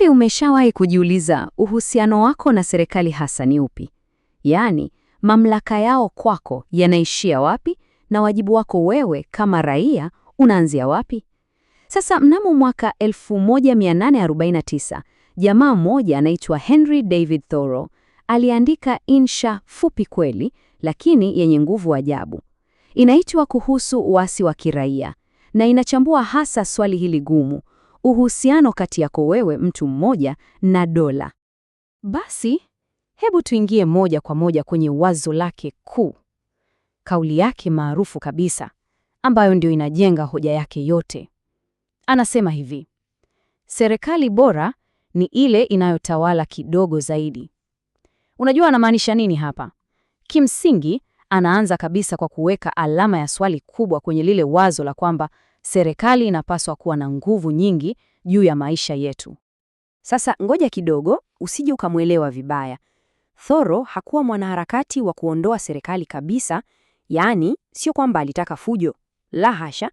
Hivi umeshawahi kujiuliza uhusiano wako na serikali hasa ni upi? Yaani, mamlaka yao kwako yanaishia wapi na wajibu wako wewe kama raia unaanzia wapi? Sasa mnamo mwaka 1849 jamaa mmoja anaitwa Henry David Thoreau aliandika insha fupi kweli, lakini yenye nguvu ajabu. Inaitwa kuhusu uasi wa kiraia na inachambua hasa swali hili gumu: uhusiano kati yako wewe mtu mmoja na dola. Basi hebu tuingie moja kwa moja kwenye wazo lake kuu, kauli yake maarufu kabisa ambayo ndio inajenga hoja yake yote. Anasema hivi: serikali bora ni ile inayotawala kidogo zaidi. Unajua anamaanisha nini hapa? Kimsingi, anaanza kabisa kwa kuweka alama ya swali kubwa kwenye lile wazo la kwamba serikali inapaswa kuwa na nguvu nyingi juu ya maisha yetu. Sasa ngoja kidogo, usije ukamwelewa vibaya. Thoro hakuwa mwanaharakati wa kuondoa serikali kabisa, yaani sio kwamba alitaka fujo, la hasha.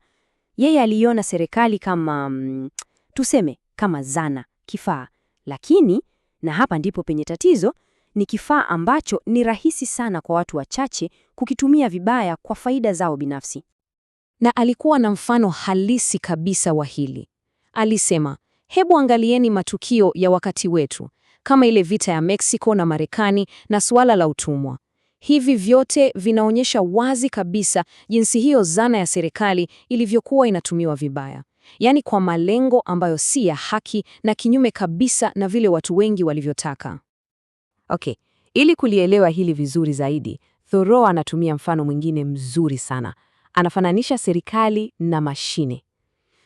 Yeye aliona serikali kama mm, tuseme kama zana, kifaa. Lakini na hapa ndipo penye tatizo, ni kifaa ambacho ni rahisi sana kwa watu wachache kukitumia vibaya kwa faida zao binafsi na alikuwa na mfano halisi kabisa wa hili. Alisema, hebu angalieni matukio ya wakati wetu kama ile vita ya Mexico na Marekani na suala la utumwa. Hivi vyote vinaonyesha wazi kabisa jinsi hiyo zana ya serikali ilivyokuwa inatumiwa vibaya, yaani kwa malengo ambayo si ya haki na kinyume kabisa na vile watu wengi walivyotaka. Okay, ili kulielewa hili vizuri zaidi, Thoreau anatumia mfano mwingine mzuri sana Anafananisha serikali na mashine.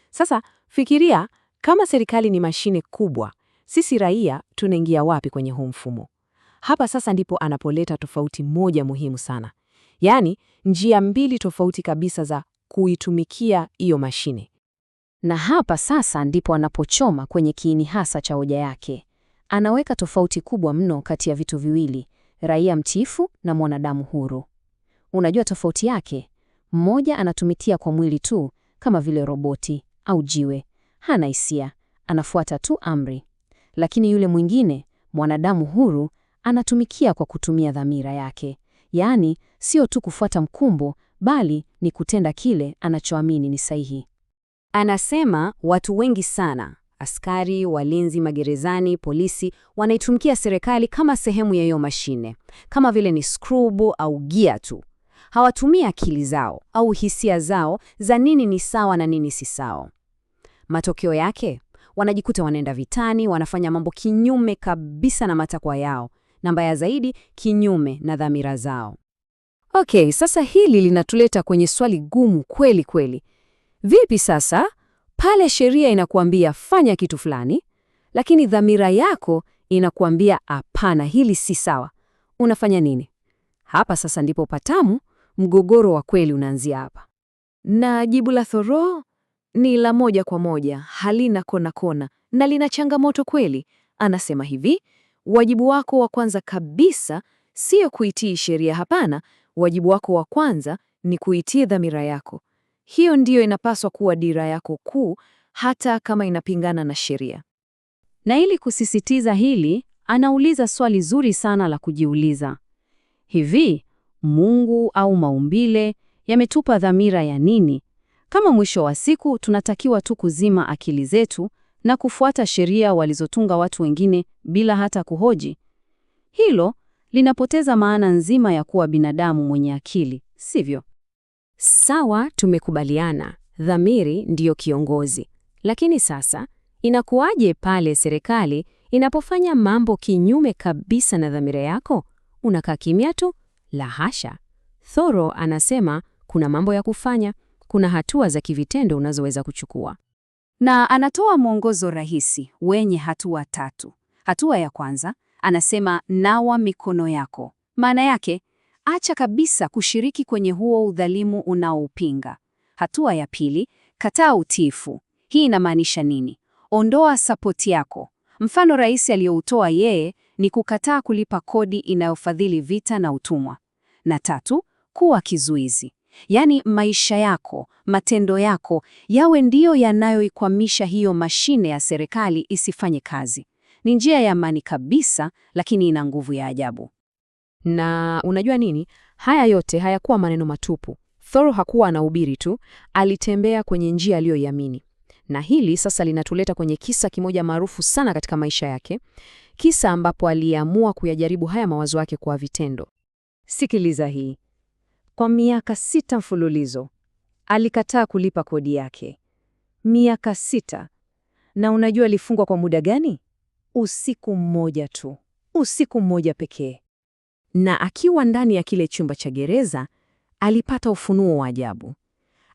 Sasa fikiria kama serikali ni mashine kubwa, sisi raia tunaingia wapi kwenye huu mfumo? Hapa sasa ndipo anapoleta tofauti moja muhimu sana, yaani njia mbili tofauti kabisa za kuitumikia hiyo mashine. Na hapa sasa ndipo anapochoma kwenye kiini hasa cha hoja yake. Anaweka tofauti kubwa mno kati ya vitu viwili, raia mtiifu na mwanadamu huru. Unajua tofauti yake? Mmoja anatumikia kwa mwili tu kama vile roboti au jiwe, hana hisia, anafuata tu amri, lakini yule mwingine, mwanadamu huru, anatumikia kwa kutumia dhamira yake, yaani sio tu kufuata mkumbo, bali ni kutenda kile anachoamini ni sahihi. Anasema watu wengi sana, askari, walinzi magerezani, polisi, wanaitumikia serikali kama sehemu ya hiyo mashine, kama vile ni skrubu au gia tu hawatumii akili zao au hisia zao za nini ni sawa na nini si sawa. Matokeo yake wanajikuta wanaenda vitani, wanafanya mambo kinyume kabisa na matakwa yao, na mbaya zaidi, kinyume na dhamira zao. Okay, sasa hili linatuleta kwenye swali gumu kweli kweli. Vipi sasa pale sheria inakuambia fanya kitu fulani, lakini dhamira yako inakuambia hapana, hili si sawa, unafanya nini? Hapa sasa ndipo patamu Mgogoro wa kweli unaanzia hapa. Na jibu la Thoreau ni la moja kwa moja, halina kona kona na lina changamoto kweli. Anasema hivi: wajibu wako wa kwanza kabisa sio kuitii sheria. Hapana, wajibu wako wa kwanza ni kuitii dhamira yako. Hiyo ndiyo inapaswa kuwa dira yako kuu, hata kama inapingana na sheria. Na ili kusisitiza hili, anauliza swali zuri sana la kujiuliza: hivi Mungu au maumbile yametupa dhamira ya nini? Kama mwisho wa siku tunatakiwa tu kuzima akili zetu na kufuata sheria walizotunga watu wengine bila hata kuhoji, hilo linapoteza maana nzima ya kuwa binadamu mwenye akili, sivyo? Sawa, tumekubaliana dhamiri ndiyo kiongozi. Lakini sasa inakuwaje pale serikali inapofanya mambo kinyume kabisa na dhamira yako? Unakaa kimya tu? La hasha. thoro anasema kuna mambo ya kufanya, kuna hatua za kivitendo unazoweza kuchukua, na anatoa mwongozo rahisi wenye hatua tatu. Hatua ya kwanza anasema nawa mikono yako. Maana yake acha kabisa kushiriki kwenye huo udhalimu unaoupinga. Hatua ya pili, kataa utiifu. Hii inamaanisha nini? Ondoa sapoti yako. Mfano rais aliyoutoa yeye ni kukataa kulipa kodi inayofadhili vita na utumwa. Na tatu, kuwa kizuizi, yaani maisha yako, matendo yako yawe ndiyo yanayoikwamisha hiyo mashine ya serikali isifanye kazi. Ni njia ya amani kabisa, lakini ina nguvu ya ajabu. Na unajua nini? Haya yote hayakuwa maneno matupu. Thoreau hakuwa anahubiri tu, alitembea kwenye njia aliyoiamini. Na hili sasa linatuleta kwenye kisa kimoja maarufu sana katika maisha yake, kisa ambapo aliamua kuyajaribu haya mawazo yake kwa vitendo. Sikiliza hii. Kwa miaka sita mfululizo alikataa kulipa kodi yake. Miaka sita. Na unajua alifungwa kwa muda gani? Usiku mmoja tu, usiku mmoja pekee. Na akiwa ndani ya kile chumba cha gereza alipata ufunuo wa ajabu.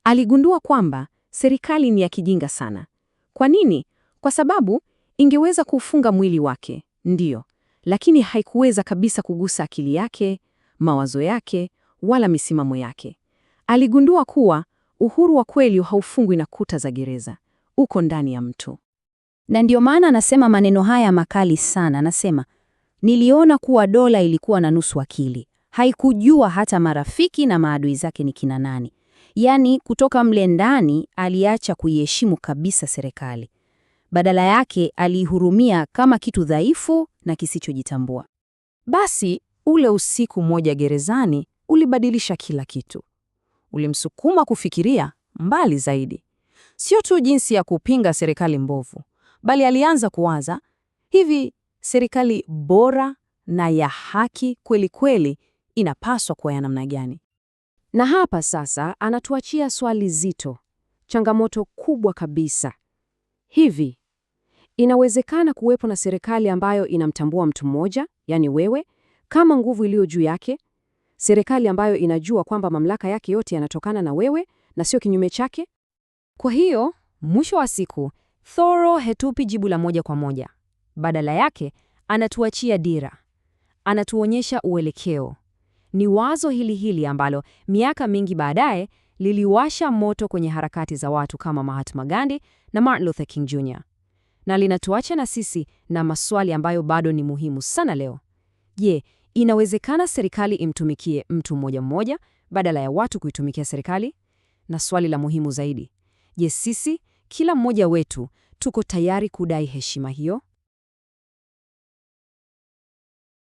Aligundua kwamba serikali ni ya kijinga sana. Kwa nini? Kwa sababu ingeweza kuufunga mwili wake, ndiyo, lakini haikuweza kabisa kugusa akili yake mawazo yake wala misimamo yake. Aligundua kuwa uhuru wa kweli haufungwi na kuta za gereza, uko ndani ya mtu. Na ndio maana anasema maneno haya makali sana, anasema niliona kuwa dola ilikuwa na nusu akili, haikujua hata marafiki na maadui zake ni kina nani. Yaani, kutoka mle ndani aliacha kuiheshimu kabisa serikali, badala yake aliihurumia kama kitu dhaifu na kisichojitambua. Basi Ule usiku mmoja gerezani ulibadilisha kila kitu. Ulimsukuma kufikiria mbali zaidi, sio tu jinsi ya kupinga serikali mbovu, bali alianza kuwaza hivi, serikali bora na ya haki kweli kweli inapaswa kuwa ya namna gani? Na hapa sasa anatuachia swali zito, changamoto kubwa kabisa. Hivi inawezekana kuwepo na serikali ambayo inamtambua mtu mmoja, yani wewe, kama nguvu iliyo juu yake, serikali ambayo inajua kwamba mamlaka yake yote yanatokana na wewe na sio kinyume chake. Kwa hiyo mwisho wa siku, thoro hetupi jibu la moja kwa moja. Badala yake anatuachia dira, anatuonyesha uelekeo. Ni wazo hili hili ambalo miaka mingi baadaye liliwasha moto kwenye harakati za watu kama Mahatma Gandhi na Martin Luther King Jr. na linatuacha na sisi na maswali ambayo bado ni muhimu sana leo. Je, Inawezekana serikali imtumikie mtu mmoja mmoja badala ya watu kuitumikia serikali? Na swali la muhimu zaidi, je, sisi kila mmoja wetu tuko tayari kudai heshima hiyo?